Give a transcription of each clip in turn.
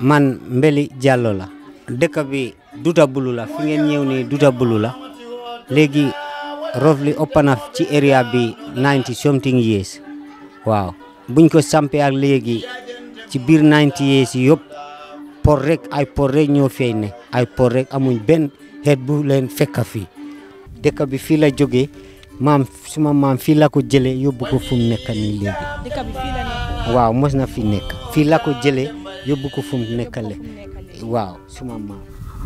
man mbeli Diallo la dëkk bi Duta Bulu la fi ngeen ñëw nii Duta Bulu la léegi roughly ëpp na ci area bi 90 something years waaw buñ ko sampee ak léegi ci biir 90 years yëpp por rek ay por rek ñoo feeñ ne ay por rek amuñ benn xeet bu leen fekka fii dëkk bi fii la jógee maam suma maam fii la ko jëlee yóbbu ko fu nekk nii léegi. waaw mos na fi nekk. fii la ko jëlee yóbbu ko fu nekkale. waaw suma maam.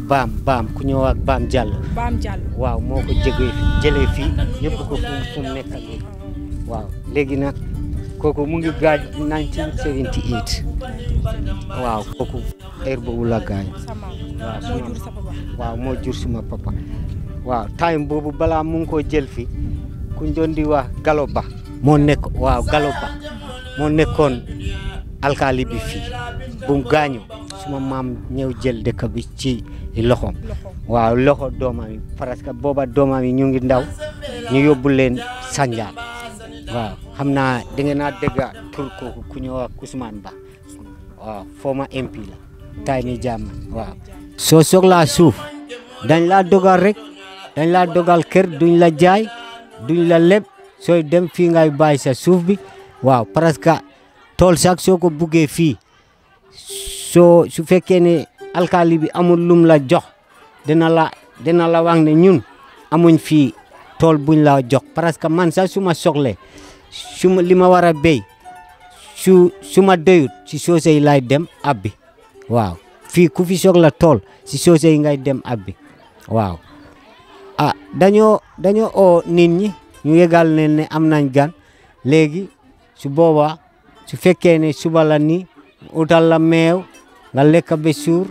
baam baam ku ñëw ak baam Diallo. baam Diallo waaw moo ko jëgee jëlee fii yóbbu ko fu mu nekk léegi. léegi nag kooku mu ngi gaañ 1978 waaw kooku heure la gaañ waaw moo jur sama papa waaw time bobu bala mu ngi ko jël fi ku ndondi wa di mo nek Ba moo nekk waaw Gallo Ba moo bi fi bu gañu suma mam ñew jël dekk bi ci loxom waaw loxo doma mi parce que booba doomam yi ñu ngi ndaw ñu yobul len Sanjaan waaw xamna di nga na tur ko ku ñu wax Ousmane Ba waaw former MP tay ni jam waaw sok la souf dañ laa dogal rek dañ la dogal kër duñ la jaay duñ la leb soy dem fi ngay bay sa suuf bi waaw presque tol so sax soko ko fi so su fekke ne alkali bi amul lum la jox dina la dina la wang ne ñun amuñ fi tol buñ la jox presque man sax su ma suma lima wara bey su suma deuyut doyut si lay dem abbi waaw Fi ku fi soxla tol si sosé ngay dem abbi waaw ah dañoo dañoo oo nit ñi ñu yëgal leen am nañ gan léegi su boobaa su fekkee ne suba la ni utal la meew nga lekk ba suur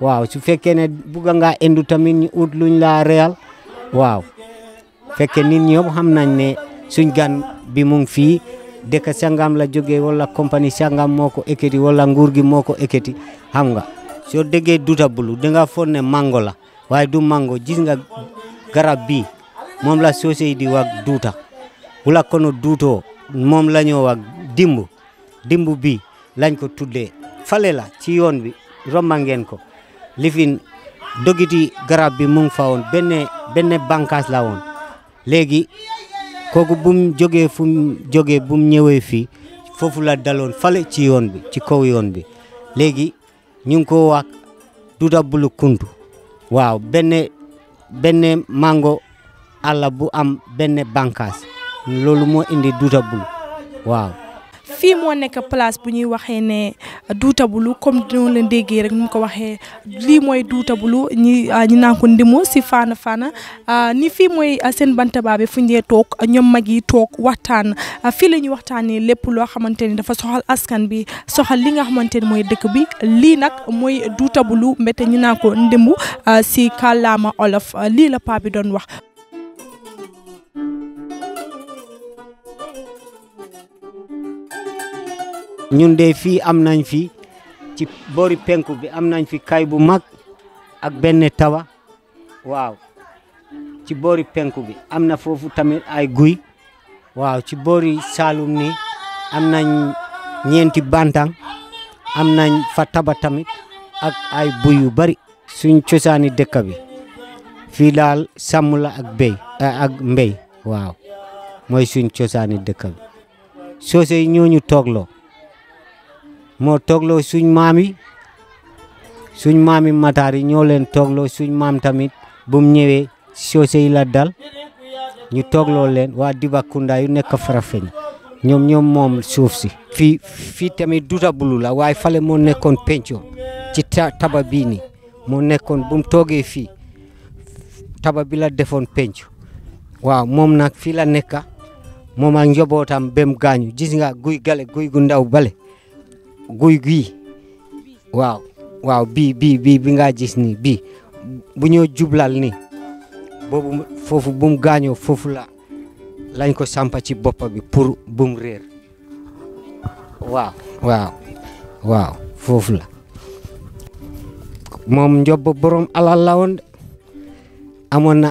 waaw su fekkee ne bugg nga indu tamit ñu ut luñ laa reyal waaw fekkee nit ñi yëpp xam nañ ne suñ gan bi mu fii dëkk sangam la jógee wala compagnie sangam moo ko ekkati wala nguur gi moo ko ekkati xam nga soo déggee duta bulu da nga foog ne mango la waaye du mango jis nga garab bi moom la soosey di wax duuta wala kono duutoo moom la ñoo wax dimb bi lañ ko tuddee fale la ci yoon bi romba ngeen ko lifin dogiti garab bi mu ngi fa woon benn benn la woon léegi kooku bum jógee fu mu bum ñëwee fii foofu la daloon fale ci yoon bi ci kaw yoon bi léegi ñu ngi ko wax duuta bulu kuntu waaw benn benn mango alla bu am benn bànqaas loolu moo indi Douta Boulle waaw fii moo nekk place bu ñuy waxee ne duutabulu comme dinoonu leen déggee rek ñu ko waxee lii mooy duutabulu ñi ah, ñu naan ko ndimu si faana faana ah, ni fii mooy ah, seen bantaba bi fu ñee toog ñoom mag yi toog waxtaan fii la ñuy waxtaanee lépp loo xamante ni dafa soxal askan bi soxal li nga xamante ni mooy dëkk bi lii nag mooy duutabulu mbete ñu naan ko ndimu si kàllaama olof lii la paa bi doon wax ñun de fii am nañ fi ci boori penku bi am nañ fi kay bu mag ak benn tawa waaw ci boori penku bi am na foofu tamit ay guy waaw ci boori Saalum ni am nañ ñeenti bantaŋ am nañ fa taba tamit ak ay buy yu bari suñ cosaani dëkk bi fii daal sàmm la ak béy eh, ak mbéy waaw mooy suñ cosaani dëkk bi soose ñooñu toogloo moo toogloo suñ maam yi suñ maam yi mataar yi ñoo leen toogloo suñ maam tamit bu mu ñëwee soose yi la dal ñu toogloo leen waa Dibakunda yu nekk Farafeñ ñoom ñoom moom suuf si. fii fii tamit Dutabulu la waaye fale moo nekkoon penco ci taba bii moo nekkoon bu toogee fii taba bi la defoon penco waaw moom nag fii la nekk moom ak njobootam bem gaañu gis nga guy gale guy gu ndaw bale guy gii waaw waaw bii bii bii bi ngaa gis nii bii bu ñëw jublal ni boobu foofu bu mu gaañoo lañ ko sampa ci boppa bi pour bu réer waaw waaw waaw foofu la moom njob borom alal la amoon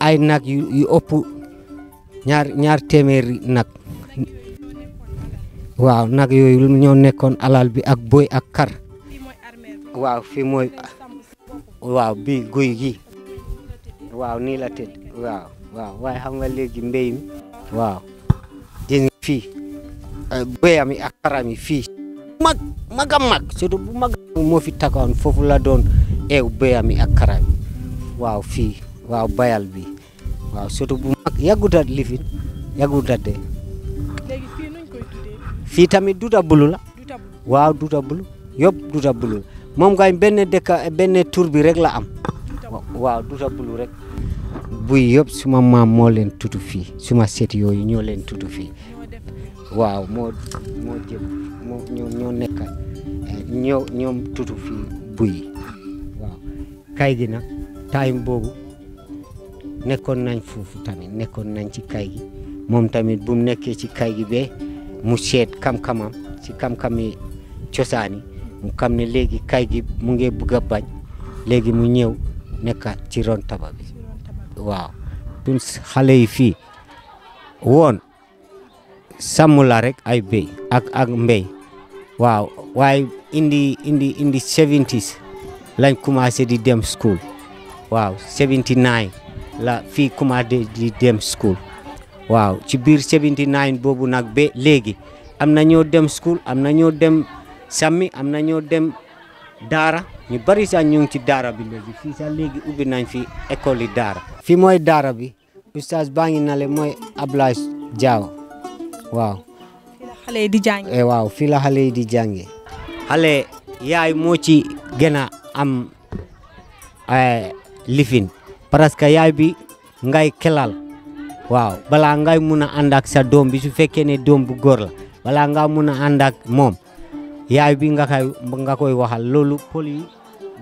ay nag yu ëpp ñaar ñaar téeméeri nag waaw nag yooyu ñoo nekkoon alal bi ak boy ak kar waaw fii mooy waaw bii guy gi waaw nii la tëdd waaw waaw waaye xam nga léegi mbéy mi waaw gis fii béyam yi ak xaram yi fii mag mag a bu mag moo fi takoon foofu la doon eew béyam yi ak xaram yi waaw fii waaw bayal bi waaw surtout bu mag yàggutat lifin yàggutat de fii tamit Douta Bulu la. waaw Douta Bulu yëpp Douta Bulu la moom kay benn dëkk benn tur bi rek la am. waaw Douta Bulu rek. buy yëpp suma maam moo leen tudd fii suma seet yooyu ñoo leen tudd fii waaw moo moo ñoo eh, ñoo ñoom tudd fii buy waaw kay gi nag time boobu nekkoon nañ foofu tamit nekkoon nañ ci kay gi tamit bu mu nekkee ci kay gi bee mu seet xam-xamam si xam-xami cosaan yi mu xam ne léegi kay gi mu ngi bëgg a bañ léegi mu ñëw nekkaat ci ron taba bi waaw tun xale yi fii woon sàmm la rek ay béy ak ak mbéy waaw waaye indi indi indi 70 lañ commencé di dem school waaw 79 la fii commencé di dem school waaw ci biir 79 boobu nag ba léegi am na ñoo dem school am na ñoo dem sàmmi am na ñoo dem daara ñu bari sax ñu ngi ci daara bi léegi fii sax léegi nañ fi école yi daara fii mooy daara bi oustaz baa ngi nale mooy Ablaye Diaw waaw di jàngee waaw fii la xale yi di jàngee eh, xale yaay moo ci gën a am eh, lifin parce yaay bi ngay kelal Wow, balaa ngay muna andak sa dom bi su ne dom bu góor la balaa nga mun a ànd ak moom yaay bi nga koy nga koy waxal loolu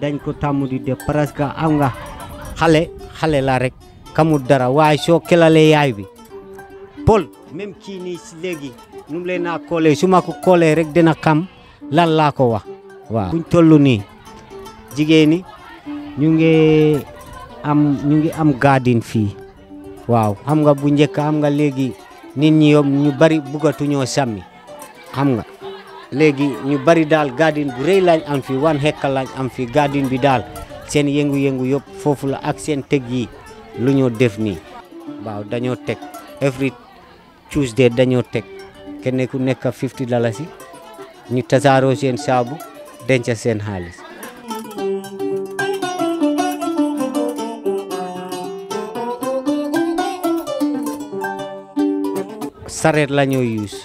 dañ ko tamu di de parce am nga xale xale la rek dara wa soo kelale yaay bi pël même kii nii si léegi nu suma ko rek dina xam lan la ko wax waaw buñ ni am ñu am garden fi waaw xam nga bu njëkk xam nga léegi nit ñi yow ñu bari buggatuñoo sàmmi xam nga léegi ñu bari daal garden bu rëy lañ am fi wan hectare am fi garden bi daal seen yëngu-yëngu yëpp foofu la ak seen teg yi lu ñoo def nii waaw dañoo teg every Tuesday dañoo teg kenn ku nekk 50 dalasi ñu tasaaroo seen saabu denca seen xaalis sareet la ñoo use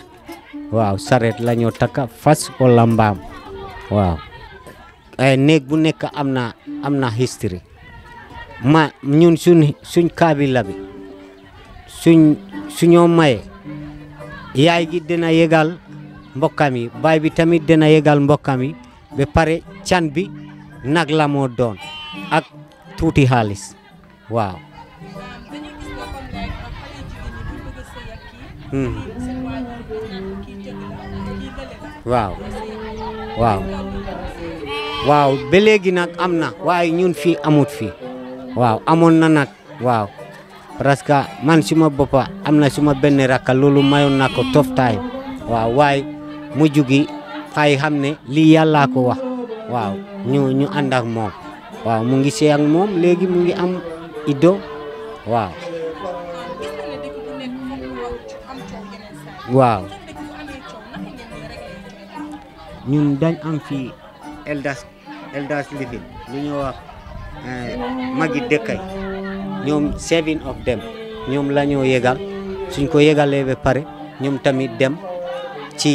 waaw sareet la ñoo takka fas wala mbaam waaw eh, néeg bu nekk am na am na history ma ñun suñ suñ kaabila bi suñ suñoo maye yaay gi dina yegal mbokkam yi bi tamit dina yegal mbokkam yi ba pare can bi nag la moo doon ak tuuti xaalis waaw Hmm. Wow, wow, wow. belegi nak amna, am nyun fi amut fi, wow, amon nanak, wow, waaw man suma bapa, amna suma bene raka lulu mayon nako tof tai, wow, wai mujugi fai hamne liya ne wa, wow, nyu nyu andak mom, wow, mungi ak mom, legi mungi am ido. Wow. waaw ñun dañ am fii eldas eldas living lu ñuy wax eh, magi dëkkay ñoom seven of dem ñoom la ñoo yëgal suñ ko yegalee ba pare ñoom tamit dem ci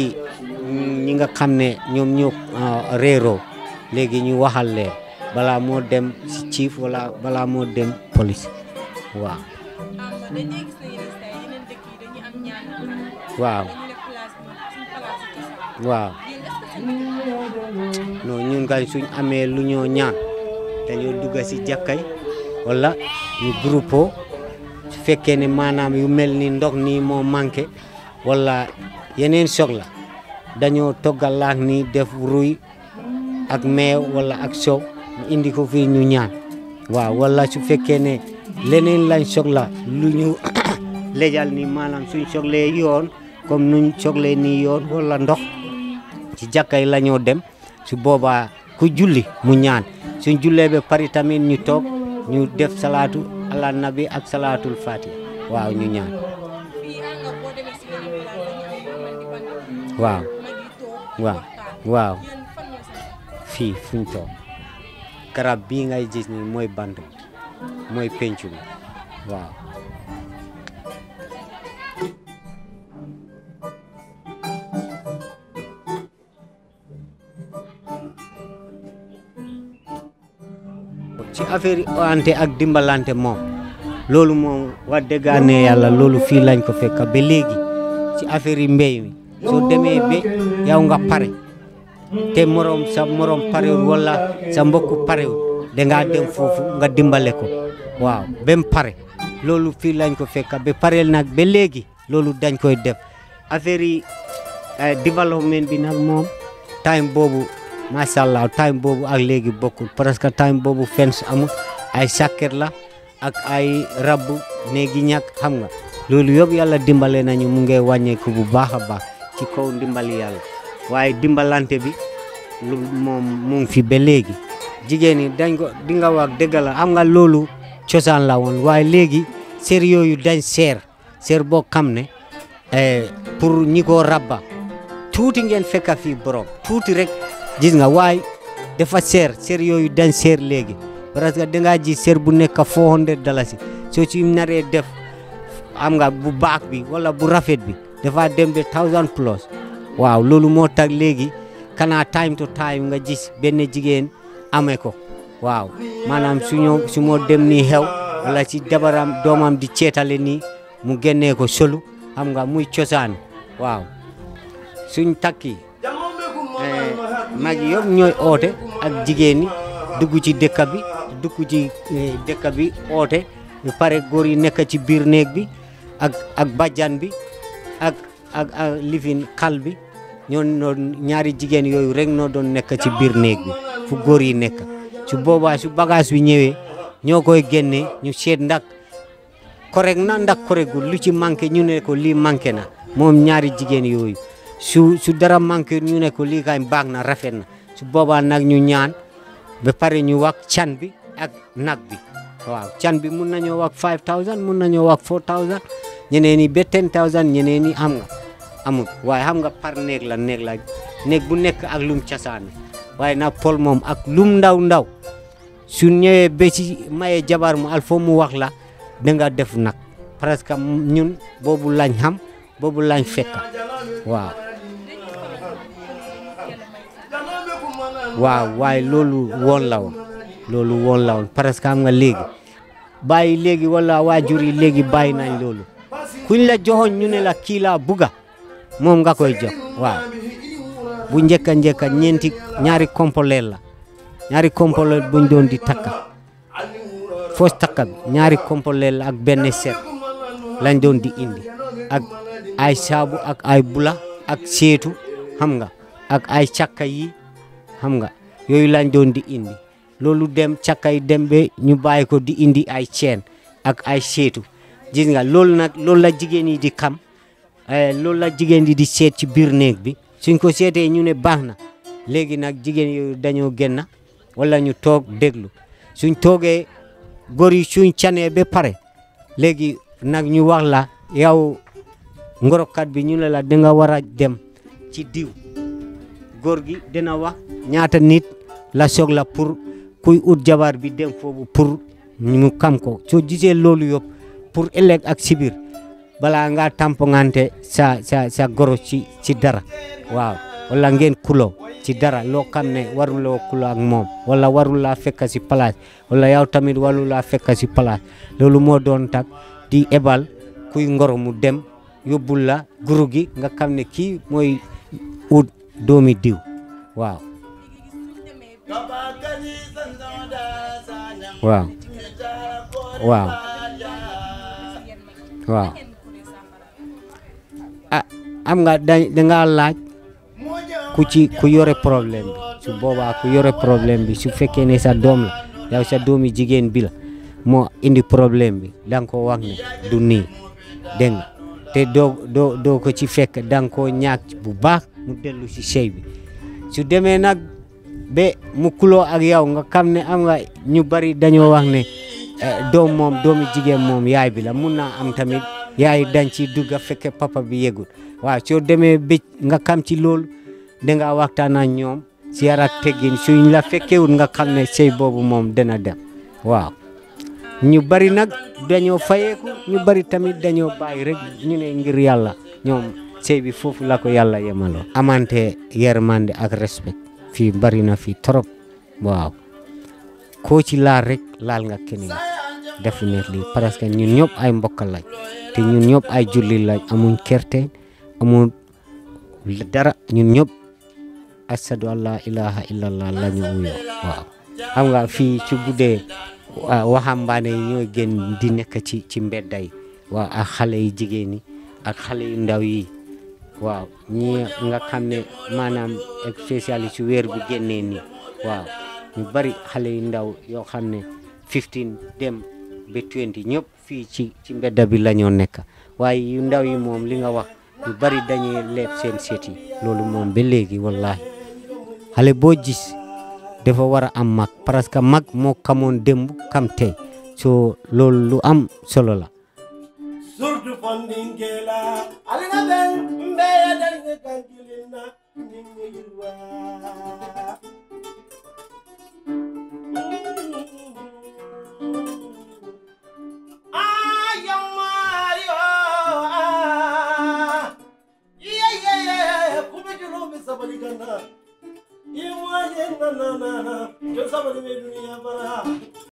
ñi nga xam ne ñoom ñoo eh, réeroo léegi ñu waxal bala moo dem ci chief wala moo dem police waaw ah, waaw waaw non ñun kay suñ amee lu ñoo ñaan dañoo dugga si jàkkay wala ñu groupe su fekkee ne maanaam yu mel ni ndox ni moo manqué walla yeneen soxla dañoo toggal laak nii def ruy ak meew wala ak soow indi ko fi ñu ñaan waaw wala su fekkee ne leneen lañ soxla lu ñu lejal ni maanaam suñ soxlee yoon comme nuñ sogle ni yoon wala ndox ci jakkay lañu dem su boba ku julli mu ñaan suñ julle be pari tamit ñu tok ñu def salatu ala nabi ak salatul fatih waaw ñu ñaan waaw waaw waaw fi fuñ tok karab bi ngay gis ni moy bande moy penchu waaw affaire yi ak dimbalante moom loolu moom wa dëggaane yàlla loolu fii lañ ko fekk ba léegi ci affaire yi mbéy mi soo demee ba yow nga pare te morom sa morom parewul wala sa mbokk parewul dangaa dem foofu nga dimbale ko waaw ba pare loolu fii lañ ko fekk ba nag ba léegi loolu dañ koy def affaire yi eh, développement bi nag moom time boobu macha allah time boobu ak léegi bokkul presque time boobu fens amul ay sakket la ak ay rabb néegi ñàkk xam nga loolu yëpp yàlla dimbalee nañu mu ngi wàññeeku bu baax a baax ci kaw ndimbali yàlla waaye dimbalante bi moom mu fi ba léegi jigéen ñi dañ ko di nga wax dëgg la xam loolu cosaan la woon waaye léegi seer yooyu dañ seer seer boo xam ne eh, pour ñi ko rabba tuuti ngeen fekka fi borom tuuti rek gis nga waay dafa seer seer yooyu dañ seer léegi parce que da ngaa ji seer bu nekk 400 dalasi soo ci naree def am nga bu baax bi wala bu rafet bi dafa dem ba 1000 plus waaw loolu moo tax léegi kana time to time nga jis benn jigéen amee ko waaw maanaam suñu su moo dem nii xew wala ci dabaram doomam di ceetale nii mu génnee ko solu xam nga muy cosaan waaw suñ takki mag yëpp ñooy oote ak jigéen ñi dugg ci dëkk bi dugg ci eh, dëkk bi oote ñu pare góor yi nekk ci biir néeg bi ak ak bàjjan bi ak ak lifin xal bi ñoon noon ñaari jigéen yooyu rek noo doon nekk ci biir néeg bi fu góor yi nekk su boobaa su bagage bi ñëwee ñoo koy génnee ñu seet ndax correct na ndax correctul lu ci manqué ñu ne ko lii manqué na moom ñaari jigéen yooyu su su dara manqué ñu ne ko lii baax na rafet na su boobaa nag ñu ñaan ba pare ñu wak can bi ak nag bi waaw can bi mun nañoo wax 5000 mun nañoo wax 4000 ñeneen ñi ba 10000 ñeneen ñi am nga amul waaye xam nga par néeg la néeg la néeg bu nekk ak lum casaane waaye nag pol moom ak lum ndaw ndaw su ñëwee ba ci maye jabar mu al foo mu wax la danga def nag presque ñun boobu lañ xam boobu lañ fekk waaw. waaw waaye loolu woon la woon loolu woon la woon parce am nga léegi bàyyi léegi wala waajur yi léegi bàyyi nañ loolu kuñ la joxoon ñu ne la kii laa moom nga koy jox waaw bu njëkk a njëkk a ñeenti ñaari kompoleel la ñaari kompoleel buñ doon di takka foos takka ñaari kompoleel la ak benn set lañ doon di indi ak ay saabu ak ay bula ak seetu xam nga ak ay càkka xam nga yooyu lañ doon di indi loolu dem cakkay dem ba ñu bàyyi ko di indi ay ceen ak ay seetu gis nga loolu nag loolu la jigéen yi di xam eh, loolu la jigéen yi di seet ci biir néeg bi suñ ko seetee ñu ne baax na léegi nag jigéen yooyu dañoo génn wala ñu toog déglu suñ toogee góor yi suñ canee ba pare léegi nag ñu wax la yow ngorokkat bi ñu ne la da nga war a dem ci diw Gorgi Denawa dina wax ñaata nit la la pour kuy out jabar bi dem fofu pour ñu kam ko so gisee lolu yop pour elek ak sibir bala nga ngaa sa sa sa goro ci ci dara waaw wala ngeen kulo ci dara lo ne lo kulo ak mom wala warul laa fekk si place wala yaw tamit warul laa fekk place lolu mo don tak di ebal kuy ngoro mu dem yobul la guru gi nga ne moy domi diw wow, wow, wow, wow. ah am nga nga laaj ku ci ku yore problème bi su boobaa ku yore problème bi su fekkee ne sa doom la yow sa doomi jigéen bi la moo indi problème bi dang ko wax ne du nii dégg te doo doo doo ko ci fekk ko ñaak bu baax mu dellu si sëy bi su demee nag ba mu ak yow nga xam ne am nga ñu bari dañoo wax ne eh, doom moom doomu jigéen moom yaay bi la mun naa am tamit yaay dañ ci dugga fekke papa bi yegul waaw soo demee bëj nga xam ci loolu danga waxtaan ak ñoom si yar ak teggin suñ la fekkewul nga xam ne sëy moom dana dem waaw ñu bari nag dañoo fayeeku tamit dañoo bàyyi rek ñu ne ngir yàlla ñoom sëy bi foofu la ko yalla yemalo amante yermande ak respect Fi barina fi trop waaw ko ci laal rek laal nga kene definitely parce que ñun ñop ay mbokal lañ te ñun ñop ay julli amuñ kerte amuñ dara ñun ñop asadu an ilaha illallah lañu wuyo waaw xam nga fi ci guddee waxambaane yi ñooy génn di nekk ci ci mbedda waaw ak xale yi jigéen ak xale yu ndaw yi waaw ni nga xam ne maanaam spécialiste si weer bi génnee waaw ni bari xale yu ndaw yo xam 15 dem be 20 nyop fi ci ci mbedda bi la ñoo nekk waye yu ndaw yi mom li nga wax ñu bari dañuy lepp seen seti lolu mom be legi wallahi xale bo gis dafa wara am mak parce que mak mo xamoon démb kam tey so lolu lu am solo la kutu n d i n kela alina ben mbe ya dan kan kilina ninni w a sabari n t y e n a na na na yo sabari me d u n i a bara